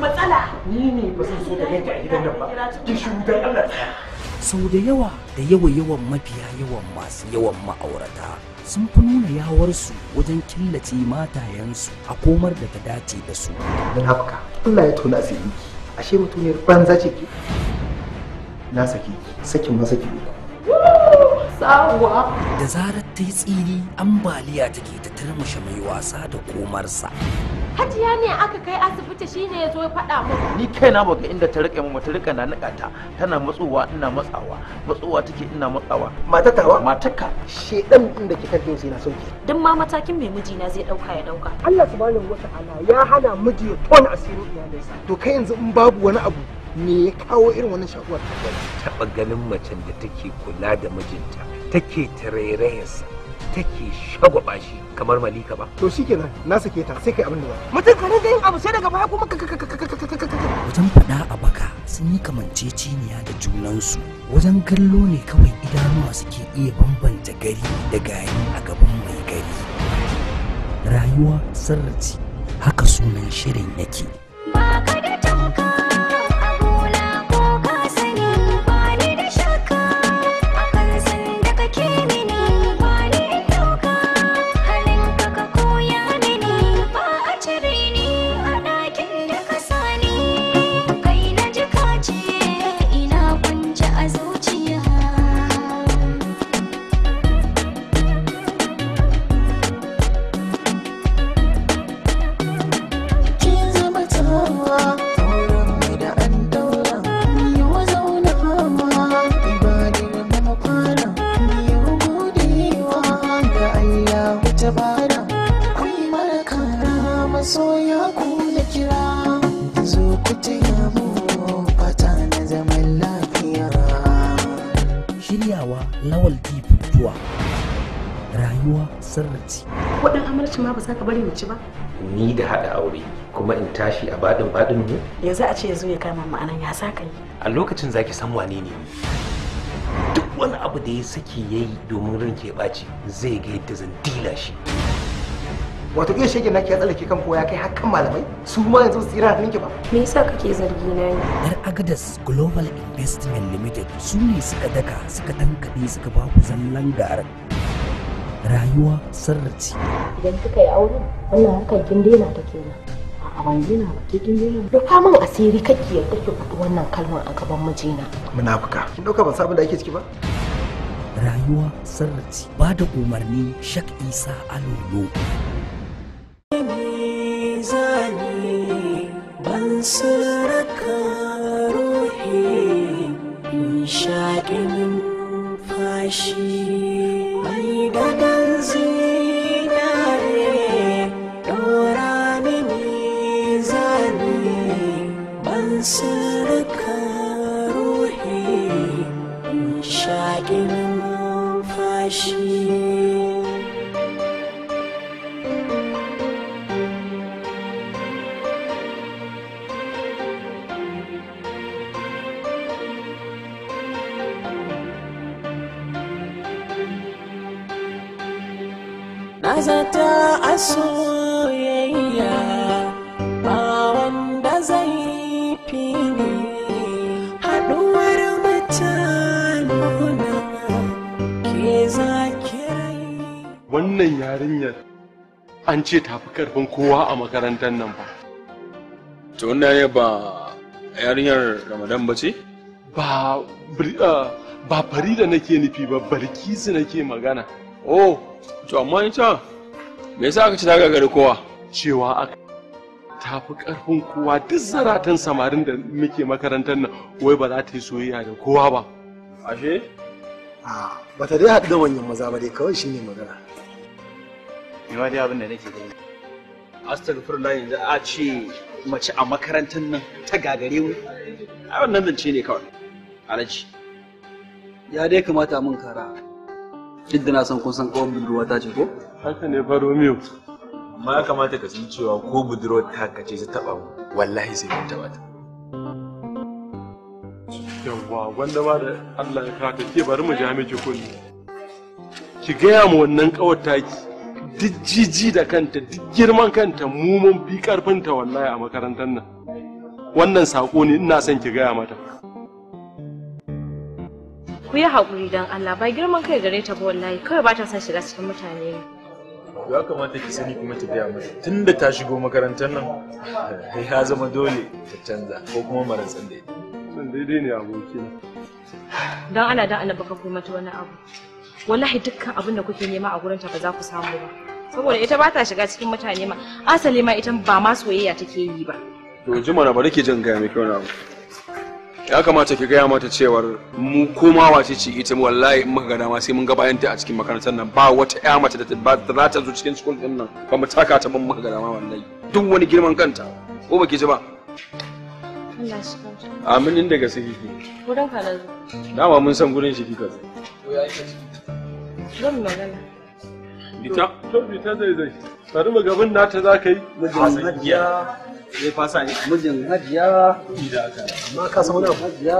matsala ni ne ba so da ganka a gidan nan ba ki shiru dan Allah tsaya sau da yawa da yawa yawan mafiya yawan masu yawan ma'aurata sun fi nuna yawarsu wajen killace matayensu a komar da ta dace da su. Don hafka, Allah ya tona yi. ashe mutumiyar banza ce ke. Na saki sakin ma saki uku. Da zarar ta yi tsiri ambaliya take ta turmushe mai wasa da komarsa. hajiya ne aka kai asibiti shine ya zo ya faɗa mu ni na baka inda ta rike mu ta rika na nika ta tana matsowa ina matsawa matsowa take ina matsawa mata ka shedan da ke kan sai na sauke duk ma matakin mai mijina zai dauka ya dauka Allah subhanahu wataala ya hana miji ya tona asirin iyalinsa to kai yanzu in babu wani abu me ya kawo irin wannan shakuwar taɓa ganin macen da take kula da mijinta take tarairayarsa take shagwaba shi kamar malika ba to shikenan na sake ta sai kai abin da mutum ka rinka yin abu sai daga baya kuma wajen faɗa a baka sun yi kamanceceniya da junansu wajen kallo ne kawai idanuwa suke iya bambanta gari da gari a gaban mai gari rayuwa sarrace haka sunan shirin yake ba ka da fahimci ba ni da haɗa aure kuma in tashi a baɗin baɗin mu yanzu a ce ya zo ya kama anan ya sa yi. a lokacin zaki san wane ne duk wani abu da ya saki ya yi domin ran ke ɓaci zai ga yadda zan dila shi wato iya shege na ke tsallake kan koya kai hakan malamai su ma yanzu su tsira ninki ba me yasa kake zargi na ni yar agadas global investment limited su ne suka daka suka tankade suka ba ku zallan garin rayuwa sarrace idan kika yi aure wannan harkar kin daina ta kenan a ban daina ba ke kin daina ba fa min asiri kake yadda ke faɗi wannan kalmar a gaban mijina munafuka kin dauka ban sabon da ake ciki ba rayuwa sarrafi ba da umarni shak isa alolo ban wannan yarinyar an ce ta fi karfin kowa a makarantar nan ba to wannan ya ba yarinyar ramadan ba ce ba ah, ba da nake nufi ba barkisu nake magana oh to amma ita me yasa aka ce ta gagari kowa cewa aka ta fi karfin kowa duk zaratan samarin da muke makarantar nan wai ba za ta yi soyayya da kowa ba ashe ah, ba ta dai haɗu da manyan maza ba dai kawai shine magana ni ma abin da nake gani astaghfirullah yanzu a ce mace a makarantar nan ta gagare mu a wannan zance ne kawai alaji ya dai kamata mun kara duk da na san kun san kawai budurwa ta ce ko haka ne fa romeo amma ya kamata ka san cewa ko budurwa ta kace ta taba mu wallahi sai mun taba ta yawwa gwanda ba da Allah ya ta ke bari mu ja miki kulli ki gaya mu wannan kawar taki duk jiji da kanta duk girman kanta mu mun fi karfinta wallahi a makarantar nan wannan sako ne ina son ki gaya mata ku yi haƙuri don Allah ba girman kai gare ta ba wallahi kawai ba ta son shiga cikin mutane ne ya kamata ki sani kuma ta gaya mata tunda ta shigo makarantar nan ya zama dole ta canza ko kuma maratsan daidai daidai ne aboki don ana don Allah baka kuma mata wani abu wallahi dukkan abin da kuke nema a gurinta ba za ku samu ba saboda ita ba ta shiga cikin mutane ma asali ma ita ba ma soyayya take yi ba to na bari ki jin gaya mai kyau abu ya kamata ki gaya mata cewar mu koma wace ce ita wallahi in muka ga dama sai mun ga bayanta a cikin makarantar nan ba wata ƴa mace da za ta zo cikin cikin din nan ba mu taka ta mun muka ga dama wallahi duk wani girman kanta ko baki ji ba Allah shi kauta. Amin inda ga su fifi. Gurin Dama mun san gurin shi fika zo. Zan magana. Bita. To bita zai zai. Bari mu gaban nata za ka yi. Mijin hajiya. Zai fasa ne. Mijin hajiya. Ma ka san wani hajiya.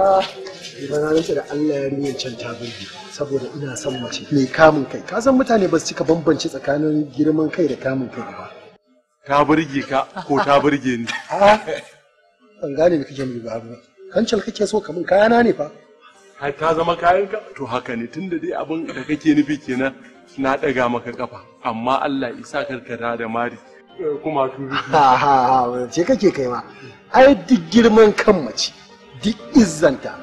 Bana rantsa da Allah ya rinyar can ta burge saboda ina son mace mai kamun kai. Ka san mutane ba su cika bambance tsakanin girman kai da kamun kai ba. Ta burge ka ko ta burge ni. an gane da kake nufi babu abu kancal kake so kamun kayana ne fa har ka zama kayan ka to haka ne tunda dai abin da kake nufi kenan na daga maka kafa amma Allah isa karkara da mari eh, kuma tu ha ha ha ce kake kai ma ai duk girman kan mace duk izzanta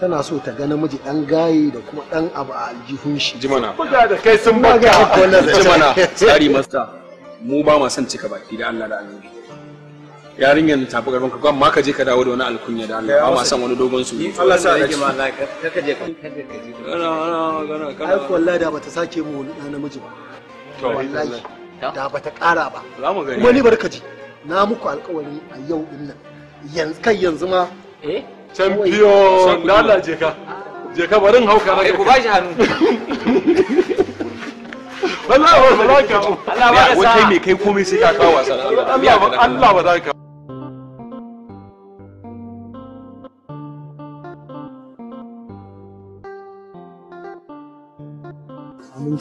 tana so ta ga namiji dan gaye da kuma dan abu a aljihun shi jimana buga da kai sun baka zai jimana tsari master mu ba mu son cika baki da Allah da annabi yarinyar ta fi karfin kakwa amma ka je ka dawo da wani alkunya da Allah ba ma san wani dogon su Allah sa rage ma ka ka je ka kana kana kana ai wallahi da bata sake mu na namiji ba to wallahi da bata kara ba za mu gani wani barkaji na muku alƙawari a yau din nan yanzu kai yanzu ma eh champion lala je ka je ka barin hauka na ku ba shi hannu ba za ka Allah ba da sa wai kai komai sai ka kawo wasa Allah ba za ka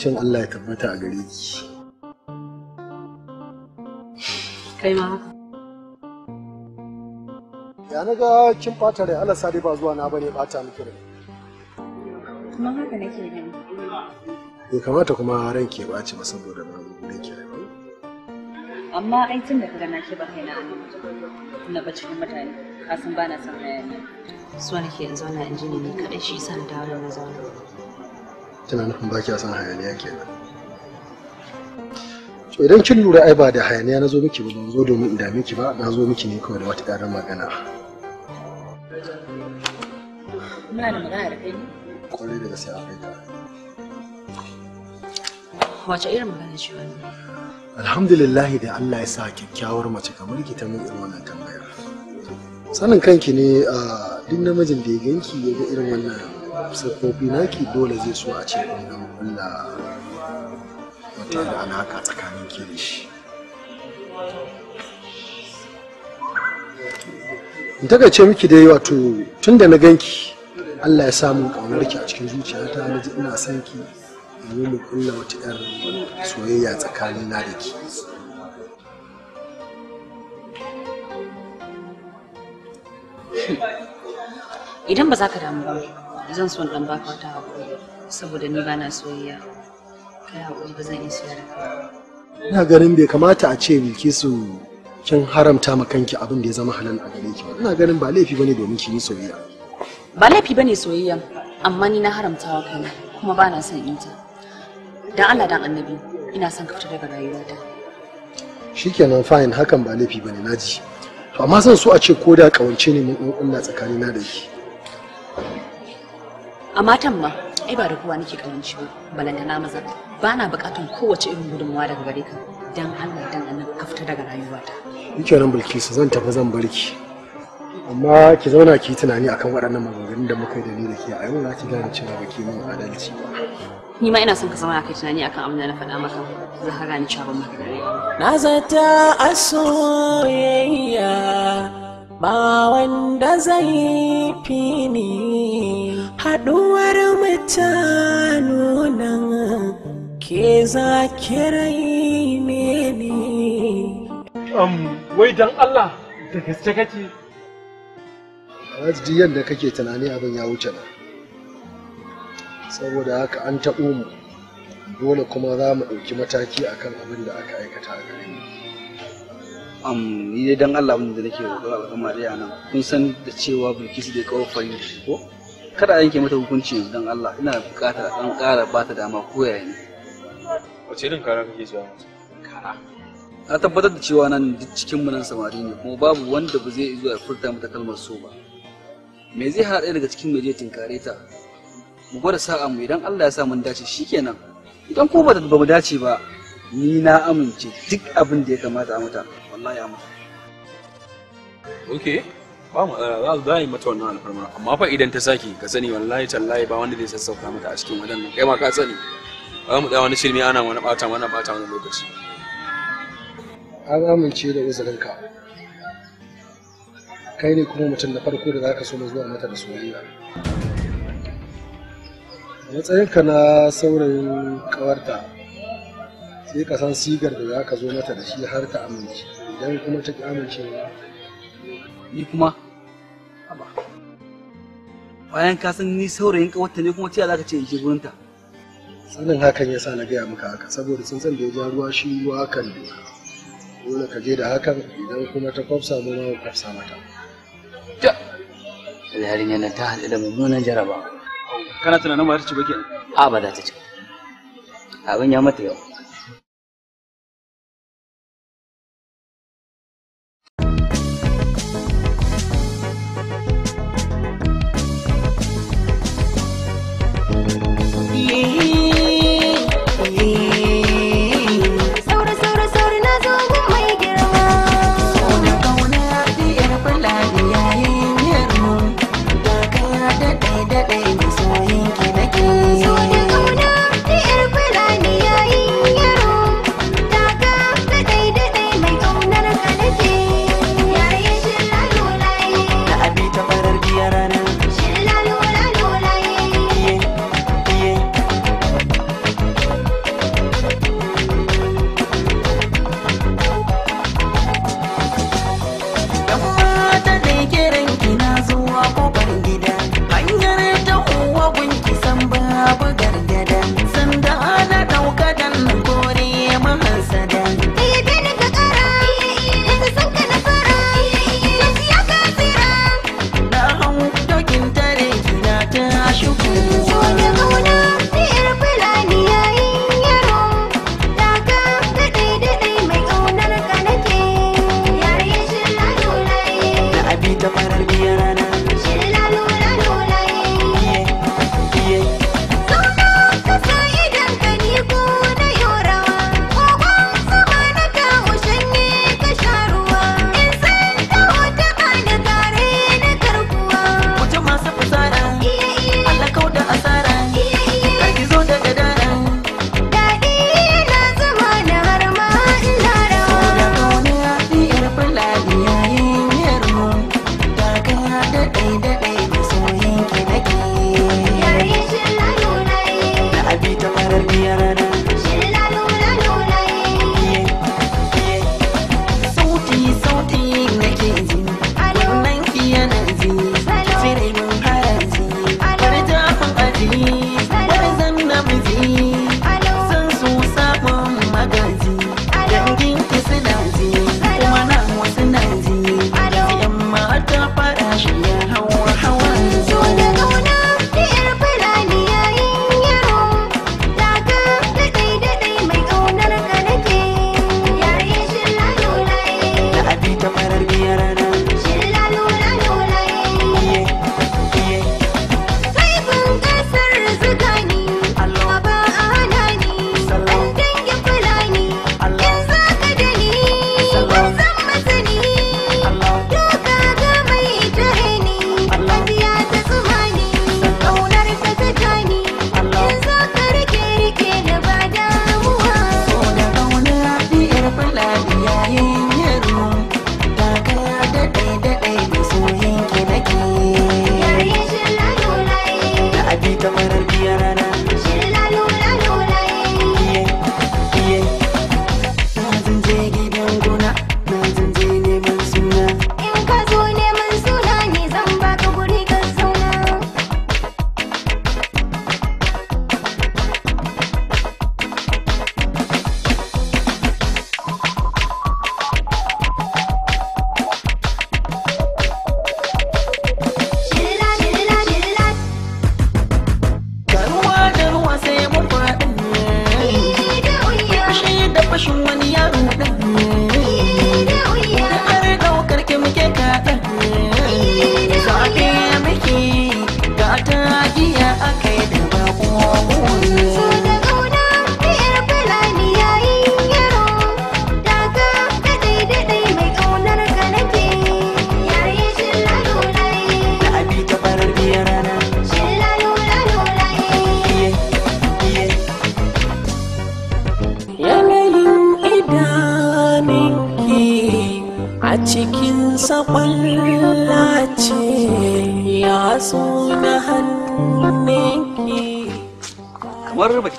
cin Allah ya tabbata a gare ki. Kai ma haka. Ya na ga kin ɓata rai Allah sadi ba zuwa na bane ɓata miki rai. Kuma haka nake gani. Ya kamata kuma ran ke ɓaci ba saboda ba gudun ki rai. Amma ai tun da kaga na ke ba kaina na na ba cikin mutane kasan ba na son hayaniya. So nake yanzu wannan injini ne kaɗai shi san dawo da na zauna. tana nufin ba kya son hayaniya kenan to idan kin lura ai ba da hayaniya na zo miki ba ban zo domin in dame ki ba na zo miki ne kawai da wata ƙarar magana kwarai da gaske akwai wace irin magana ce wannan alhamdulillah da Allah ya sa kyakkyawar mace kamar ki ta mun irin wannan tambaya. sanin kanki ne a duk namijin da ya ganki ya ga irin wannan siffofi naki dole zai so a ce na wanda wata da alaka tsakanin ke da shi in takaice miki dai wato tun da na ganki Allah ya samu ki a cikin zuciyata na ji ina son ki yi mu kulla wata 'yar soyayya tsakanina da ki idan ba za ka damu ba zan so dan baka wata haƙuri saboda ni ba na soyayya kai haƙuri ba zan iya soyayya da kai ina ganin bai kamata a ce bilkisu kin haramta ma kanki abin da ya zama halal a gare ki ina ganin ba laifi bane domin ki yi soyayya ba laifi bane soyayya amma ni na haramtawa kaina kuma ba na son in ta dan Allah dan annabi ina son ka fita daga rayuwata shikenan fine hakan ba laifi bane naji to amma san su a ce ko da kawance ne mun kunna tsakani na da shi a matan ma ai ba da kowa nake kawance ba balanta na maza ba na bukatun kowace irin gudunmawa daga gare ka dan Allah dan Allah ka fita daga rayuwata yake nan bilkisu zan tafi zan barki amma ki zauna ki tunani akan waɗannan maganganun da muka yi da ni da ke a yau na ki gane cewa ba ki min adalci ba ni ma ina son ka zama kai tunani akan abin da na faɗa maka za ka gane cewa ban na zata a soyayya ba wanda zai fi ni haɗuwar mutanu nan ke za kirai ne ne wai dan Allah da gaske kake Alhaji yadda kake tunani abin ya wuce nan saboda haka an taɓo mu dole kuma za mu ɗauki mataki kan abin da aka aikata a gare mu um, ni dai dan Allah abin da nake roƙon al'umma da yana kun san da cewa Bilkisu da kawo fari ko kada yanke mata hukunci yanzu dan Allah ina buƙatar an ƙara ba ta dama ko yaya ne wace irin kara kake zuwa kara na tabbatar da cewa nan duk cikin mu nan samari ne kuma babu wanda ba zai zuwa furta mata kalmar so ba me zai hana ɗaya daga cikin mu je tinkare ta mu gwada sa'a mu idan Allah ya sa mun dace shikenan idan ko ba mu dace ba ni na amince duk abin da ya kamata a mata wallahi a mata okay ba mu eh, za su yi mata wannan alfarma amma fa idan ta saki ka sani wallahi tallahi ba wanda zai sassauka mata a cikin wadannan kai ma ka sani ba mu da wani shirme ana wani bata wani bata wani lokaci an amince da uzurinka kai ne kuma mutum na farko da zaka so mu zuwa mata da soyayya matsayinka na saurayin kawarta sai ka san sigar da za ka zo mata da shi har ta amince idan kuma ta ki amincewa ni kuma haba bayan ka san ni saurayin kawarta ne kuma cewa za ka ce in je gurinta sanin hakan ya sa na gaya maka haka saboda sun san da ya ja ruwa shi ruwa kan doka dole ka je da hakan idan kuma ta kwafsa mu ma kwafsa mata Yarinya na ta haɗu da mummunan jarabawa kana tunanin ba ta ci ba ke a ba za ta ci abin ya mata yau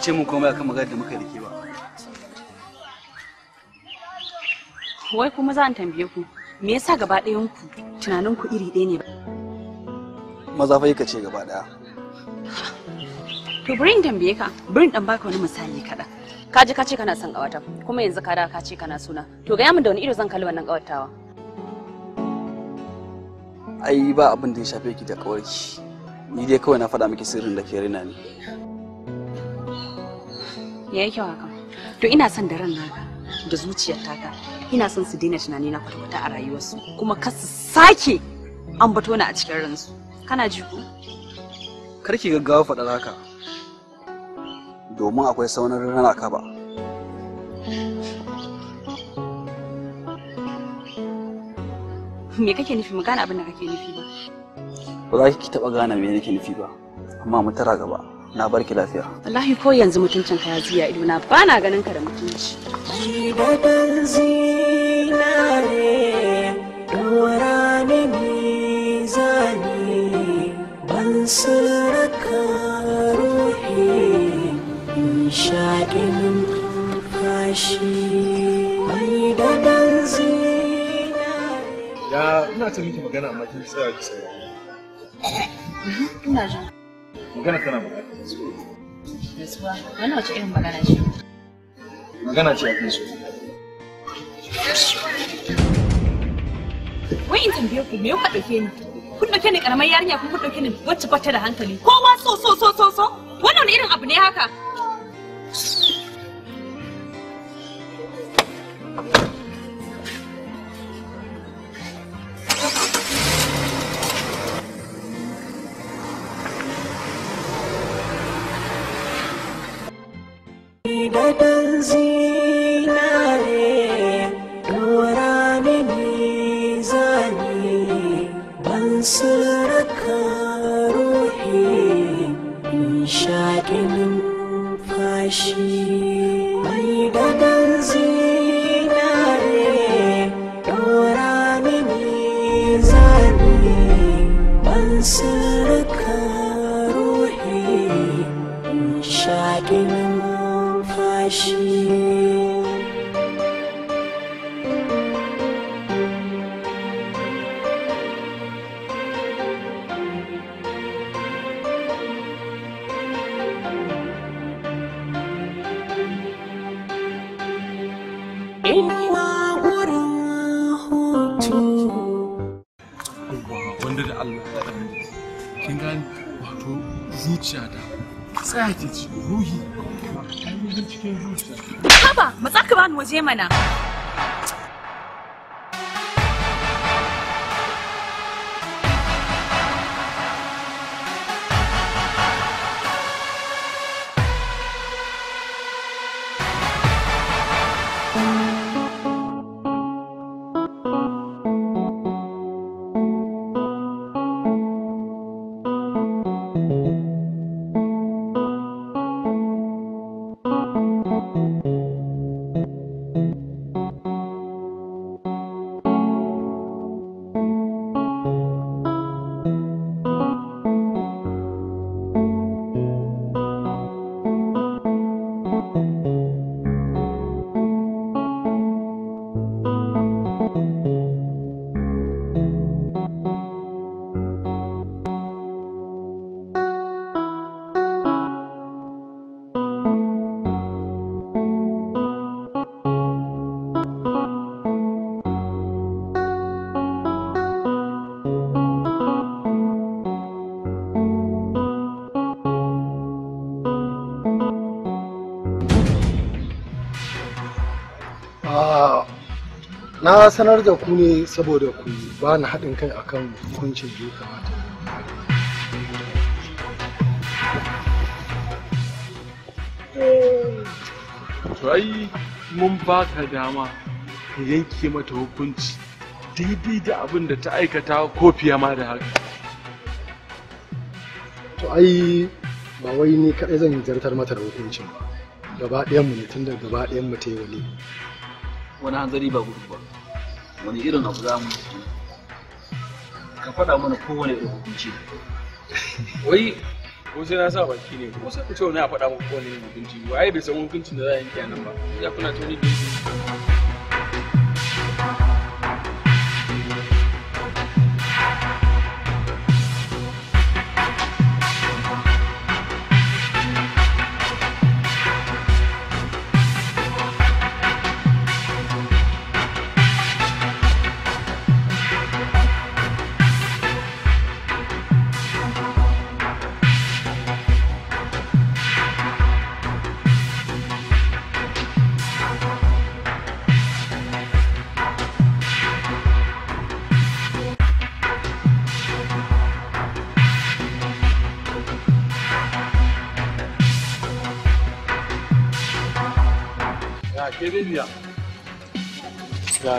ce mun komai akan magana da muka dake ba wai kuma za a tambaye ku me yasa gaba ɗayan ku tunanin ku iri ɗaya ne maza fa yake ce gaba ɗaya to bari in tambaye ka bari in dan baka wani misali kaɗan ka ji ka ce kana son ƙawata kuma yanzu ka da ka ce kana suna to gaya min da wani ido zan kalli wannan ƙawatawa ai ba abin da ya shafe ki da ƙawarki ni dai kawai na faɗa miki sirrin da ke rina ni ya yi kyau haka to ina son da ran naka da zuciyar taka ina son su daina tunani na kwata-kwata a rayuwarsu kuma ka su sake ambato ni a cikin ransu kana ji ko kar ki gaggawa faɗar haka domin akwai saunar rana ka ba me kake nufi magana abin da kake nufi ba ba za ki taɓa gane me nake nufi ba amma mu tara gaba na bar ki lafiya wallahi ko yanzu mutuncin ka ya ziya ido na ba na ganin ka da mutunci baban zinare dora ne mizani ban sarraka ruhi nishaɗin fashi mai dadan zinare ya ina ta miki magana amma kin tsaya ki saurara ina jin magana tana bukata nutsuwa wannan wace irin magana ce magana ce a kan su wai in tambaye ku me kuka ɗauke ni kun ɗauke ni ƙaramar yarinya kun ɗauke ni wacce bata da hankali kowa so so so so so wannan irin abu ne haka da da na sanar da ku ne saboda ku ba na haɗin kai akan hukuncin da ya kamata to ai mun baka dama ka yanke mata hukunci daidai da abin da ta aikata ko fiye ma da haka to ai ba wai ni kaɗai zan yi zartar mata da hukuncin ba gaba ɗayan mu ne tun da gaba ɗayan mu ta yi wani wani hanzari ba gudu ba wani irin abu za mu ka faɗa mana kowane irin hukunci wai ko sai na sa baki ne ko sai ku ce wani a faɗa muku kowane irin hukunci wai bai san hukuncin da za a yanke nan ba ya kuna tuni da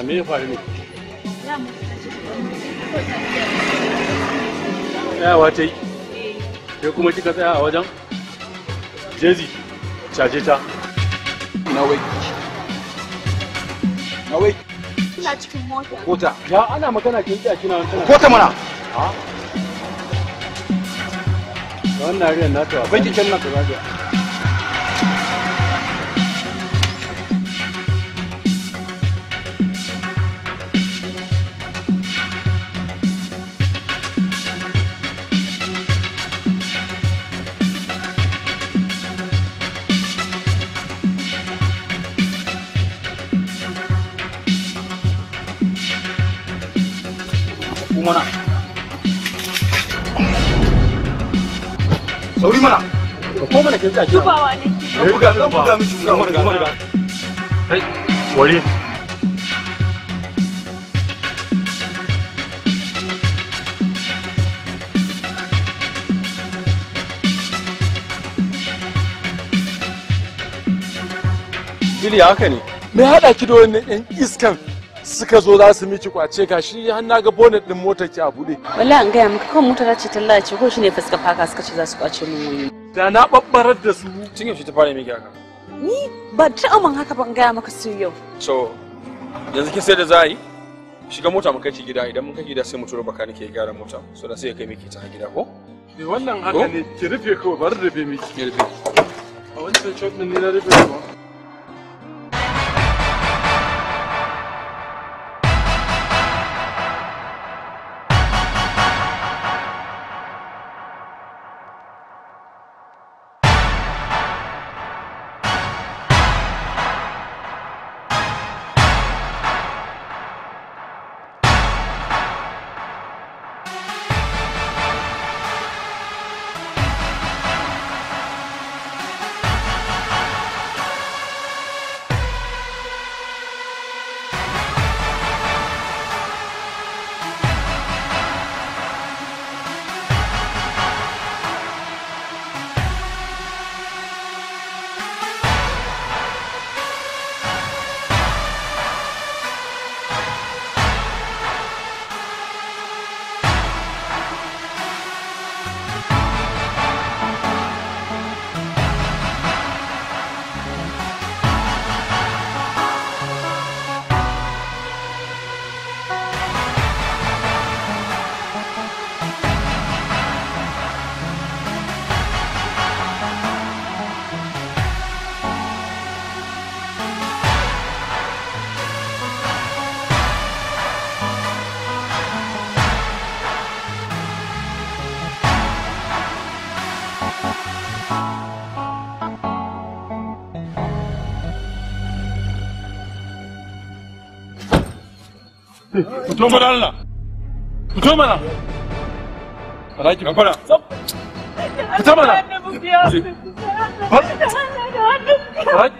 me ya ne tsayawa ta yi sai kuma kika tsaya a wajen jezi caje ta na wai na wai cikin mota kota ya ana magana kin tsaya kina wannan kota mana wannan riyar nata ban kicin nan ta zagaya kake haka ne, me haɗa ki da wani iskan suka zo za su miki kwace ka shi har na ga bonnet ɗin motar ki a bude wallahi an gaya maka kan motar ce ta lalace ko shine fuska faka suka ce za su kwace mun wani da na babbarar da su tun yaushe ta fara miki haka ni ba ta man haka ban gaya maka su yau so yanzu ki sai da za a yi shiga mota mu kai ci gida idan mun kai gida sai mu turo baka nake gyara mota so da sai ya kai miki ta gida ko eh wannan haka ne ki rufe kawai bar rufe miki ki rufe a wani sai chot ne na rufe ba fito mana Allah fito mana Alhaji gafara fito mana Alhaji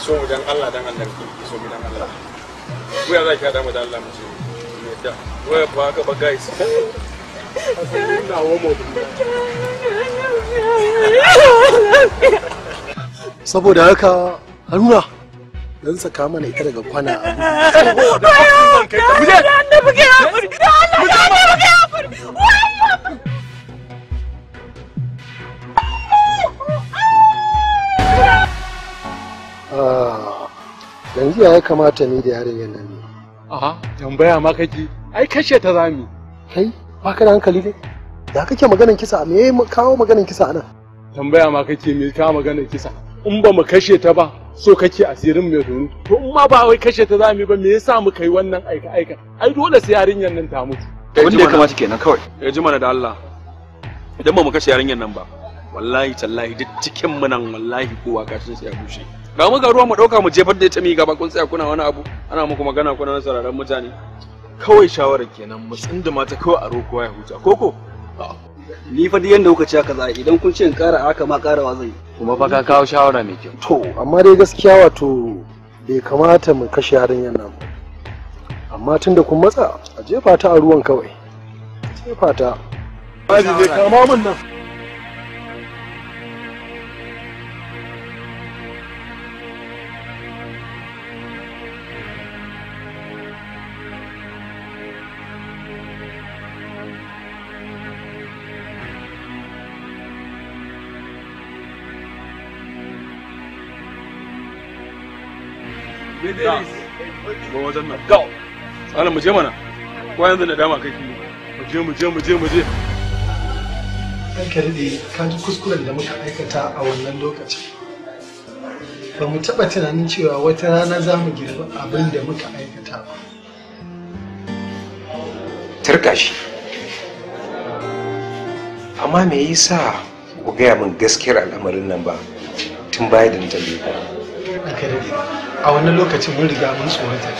so dan Allah dan Allah ki so dan Allah ku ya zaki hada mu da Allah mu ce yadda ba ka ba guys saboda haka haruna dan saka mana ita daga kwana a Ah, yanzu ya kamata ni da yarinyar nan ne aha tambaya ma kake ai kashe ta zami kai ba ka da hankali ne da kake maganan kisa me kawo maganan kisa anan tambaya ma kake me kawo maganan kisa in ba mu kashe ta ba so kake asirin mai donu to in ma ba wai kashe ta zami ba me yasa mu kai wannan aika aika ai dole sai yarinyar nan ta mutu abin da ya kamata kenan kawai ya ji mana da Allah idan ba mu kashe yarinyar nan ba wallahi tallahi duk cikin mu nan wallahi kowa kashin sai ya bushe ga mu ga ruwa mu dauka mu jefar da ita mi gaba kun tsaya kuna wani abu ana muku magana kuna na sauraron mutane kawai shawarar kenan mu tsinda ta kawai a roko ya huta koko ni fa dai yanda kuka ci haka za'a idan kun ce in kara haka ma karawa zai kuma fa ka kawo shawara mai kyau to amma dai gaskiya wato bai kamata mu kashe harin nan ba amma tunda kun matsa a jefa ta a ruwan kawai jefa ta Aji je kama min nan. ba wajen nan ana mu je mana ko yanzu na dama kake mu je mu je mu je mu je ka daɗe ka ji kuskuren da muka aikata a wannan lokacin ba mu taɓa tunanin cewa wata rana za mu girbi abin da muka aikata ba tarka shi amma me yasa ku gaya min gaskiyar al'amarin nan ba tun baya da na tambaye ka a wannan lokacin mun riga mun tsorata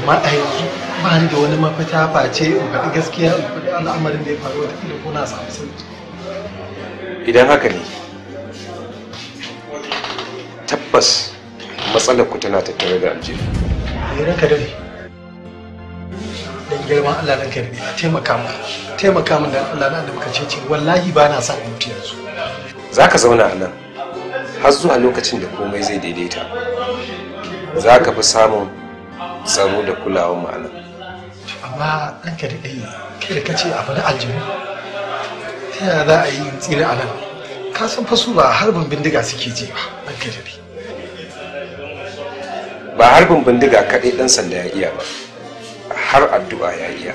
amma a yanzu ba ni da wani mafita face in faɗi gaskiya in faɗi al'amarin da ya faru wata kila kuna samu idan haka ne tabbas matsalar ku tana tattare da aljihu ya eh, ranka dare dan girman Allah ranka dare a taimaka mu taimaka mu da Allah da muka ce wallahi ba na sa mutu yanzu zaka zauna a nan har zuwa lokacin da komai zai daidaita za ka fi samun tsaro da kulawar ma'ana amma ɗanka ka kai kai da kace a bari aljinu ta yaya za a yi tsira a nan ka san fasu ba harbin bindiga suke je ba ɗanka ka kai ba harbin bindiga kaɗai ɗan sanda ya iya ba har addu'a ya iya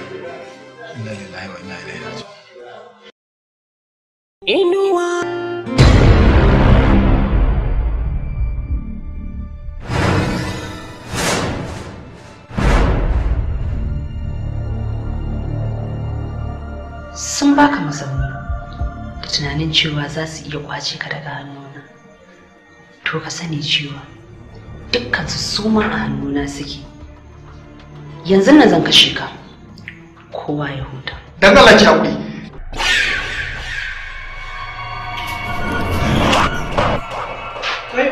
inna lillahi wa inna ilaihi raji'un baka mazauni da tunanin cewa za su iya kwace ka daga hannuna to ka sani cewa dukkan su suma a hannuna suke yanzu nan zan kashe ka kowa ya huta dan Allah ki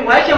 wa yake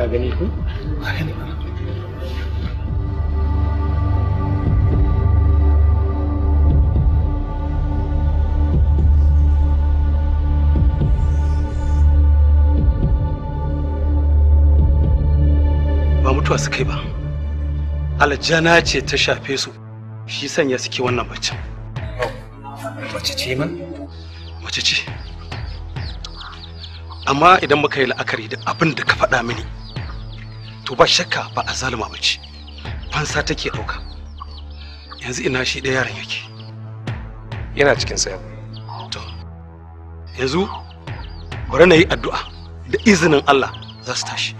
ka gani ko ba mutuwa su kai ba aljana ce ta shafe su shi sanya suke wannan baccin mace ce man mace ce amma idan muka yi la'akari da abin da ka faɗa mini to ba shakka ba a zalima ba ce fansa take ɗauka yanzu ina shi ɗaya yaron yake yana cikin sayan to yanzu bari na yi addu'a da izinin Allah za su tashi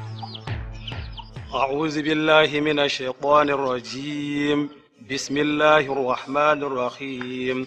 أعوذ بالله من الشيطان الرجيم بسم الله الرحمن الرحيم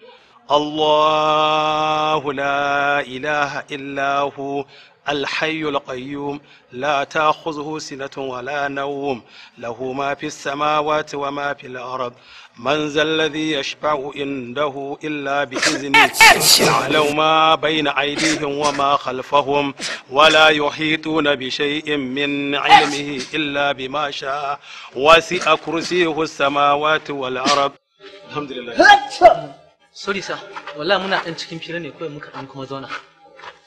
الله لا إله إلا هو الحي القيوم لا تاخذه سنه ولا نوم له ما في السماوات وما في الارض من ذا الذي يشبع عنده الا باذنه يعلم ما بين ايديهم وما خلفهم ولا يحيطون بشيء من علمه الا بما شاء وسع كرسيه السماوات والارض الحمد لله sorry sir, wallahi muna dan cikin fira ne kawai muka dan kuma zauna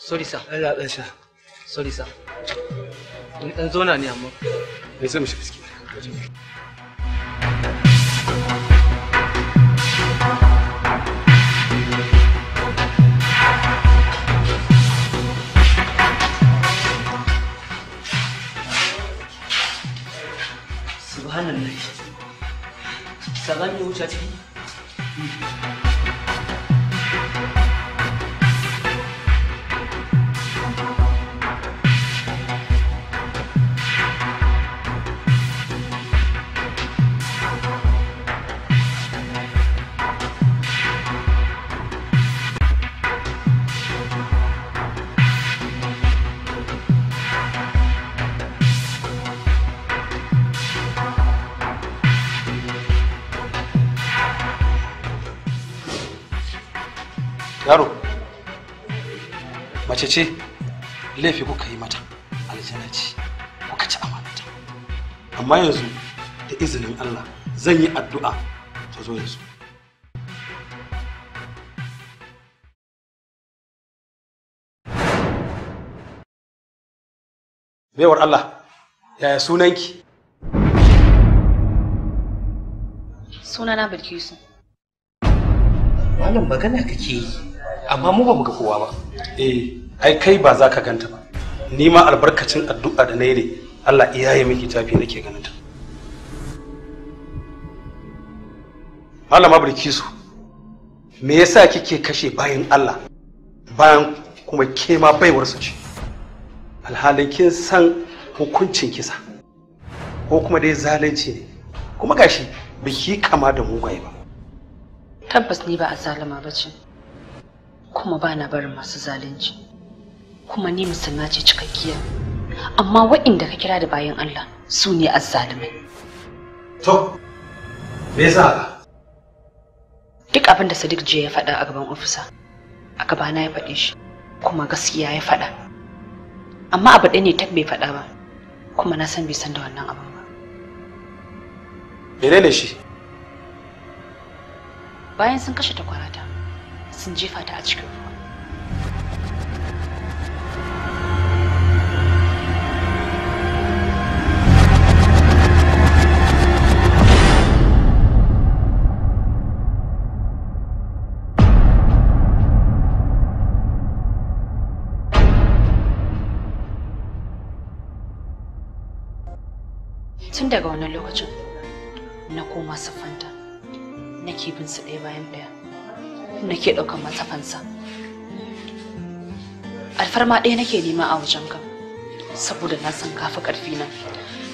sorry sir. Allah dan sha sorry sir. mun dan zauna ne amma bai zama shi biski Subhanallah. Saban ne wuce ciki? yaro mace ce laifi kuka yi mata aljana ce kuka ci amanata amma yanzu da izinin Allah zan yi addu'a ta zo yanzu baiwar Allah yaya sunanki sunana bilkisu malam magana kake yi amma mu ba mu ga kowa ba eh ai kai ba za ka ganta ba ni ma albarkacin addu'a da nayi ne Allah iya ya miki tafi nake ganin ta Malama Bilkisu me yasa kike kashe bayan Allah bayan kuma ke ma su ce alhalin kin san hukuncin kisa ko kuma dai zalunci ne kuma gashi biki kama da mugaye ba tabbas ni ba a salama ba kuma ba na barin masu zalunci kuma ni musulma ce cikakkiya amma waɗanda ka kira da bayan Allah su ne azzalumai to me yasa haka duk abin da Sadiq je ya faɗa a gaban ofisa a gabana ya faɗe shi kuma gaskiya ya faɗa amma abu ɗaya ne tak bai faɗa ba kuma na san bai san da wannan abu ba menene shi bayan sun kashe takwarata sun jefa ta a cikin ruwa tun daga wani lokacin na koma siffanta nake bin su ɗaya bayan ɗaya nake ɗaukan masa alfarma ɗaya nake nema a wajen ka saboda na san kafi ƙarfi na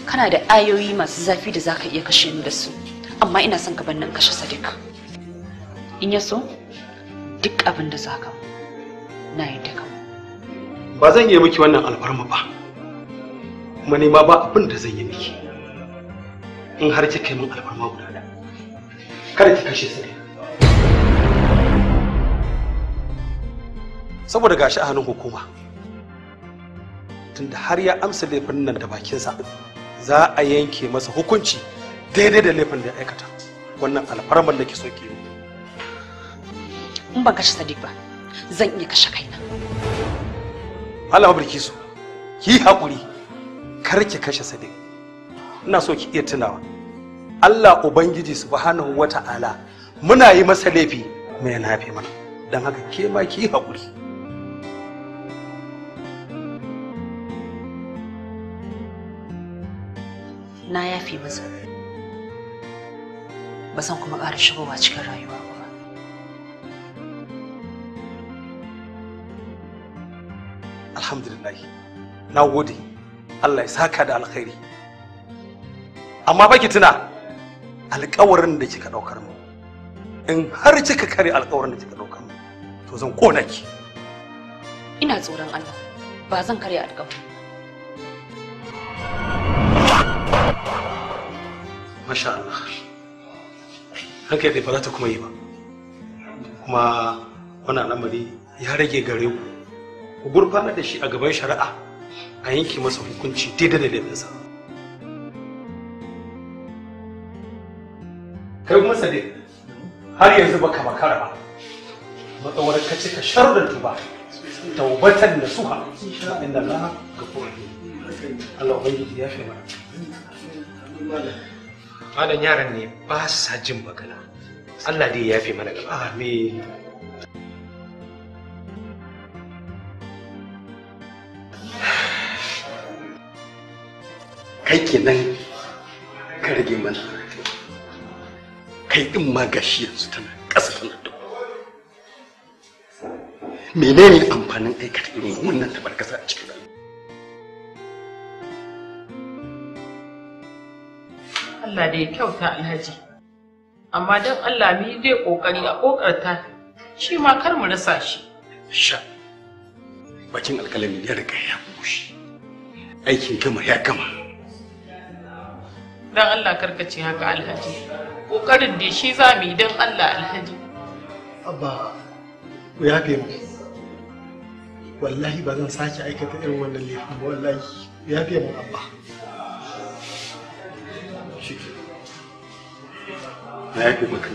kana da ayoyi masu zafi da zaka iya kashe ni da su amma ina son ka nan kashe sadiq in ya so duk abin da zaka na yi ka ba zan iya miki wannan alfarma ba kuma nema ma ba abin da zan yi miki in har kika yi min alfarma guda da kada ki kashe sadiq saboda gashi a hannun hukuma tunda har ya amsa laifin nan da bakinsa za a yanke masa hukunci daidai da laifin da ya aikata wannan alfarmar da ke so ke in ban kashe sadiq ba zan iya kashe kaina malama bilkisu ki haƙuri kar ki kashe sadiq ina so ki iya tunawa Allah Ubangiji subhanahu wata'ala muna yi masa laifi mai nafi mana don haka ke ma ki haƙuri na yafe masa ba zan kuma ƙara shigowa cikin rayuwa ba alhamdulillah na gode allah ya saka da alkhairi amma baki tuna alkawarin da kika ɗaukar mu in har kika kare alkawarin da kika ɗaukar mu to zan kona ki ina tsoron allah ba zan kare alkawarin ba masha Allah ranka ya ba za ta kuma yi ba kuma wani al'amari ya rage gare ku ku gurfanar da shi a gaban shari'a a yanke masa hukunci daidai da laifinsa kai kuma sadiq har yanzu baka makara ba matsawar ka cika da tuba taubatan da suha inda na ga kowane Allah ya fi yaran ne ba sa jin magana Allah dai ya fi mana gaba amin kai kenan ka rage mana kai din ma gashi yanzu tana ƙasa tana da menene amfanin aikata irin wannan tabarkasa a cikin Allah da ya kyauta alhaji amma don Allah mu yi dai kokari a ta shi ma kar mu rasa shi sha bakin alkalami ya riga ya bushe aikin gama ya gama don Allah karkace haka alhaji kokarin da shi za mu yi don Allah alhaji abba ku yafe mu wallahi ba zan sake aikata irin wannan laifin ba wallahi ya yafe mu abba a yafe maka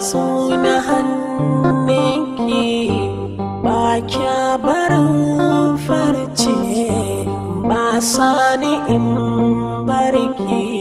so na ba kya barin farce ba sani in barki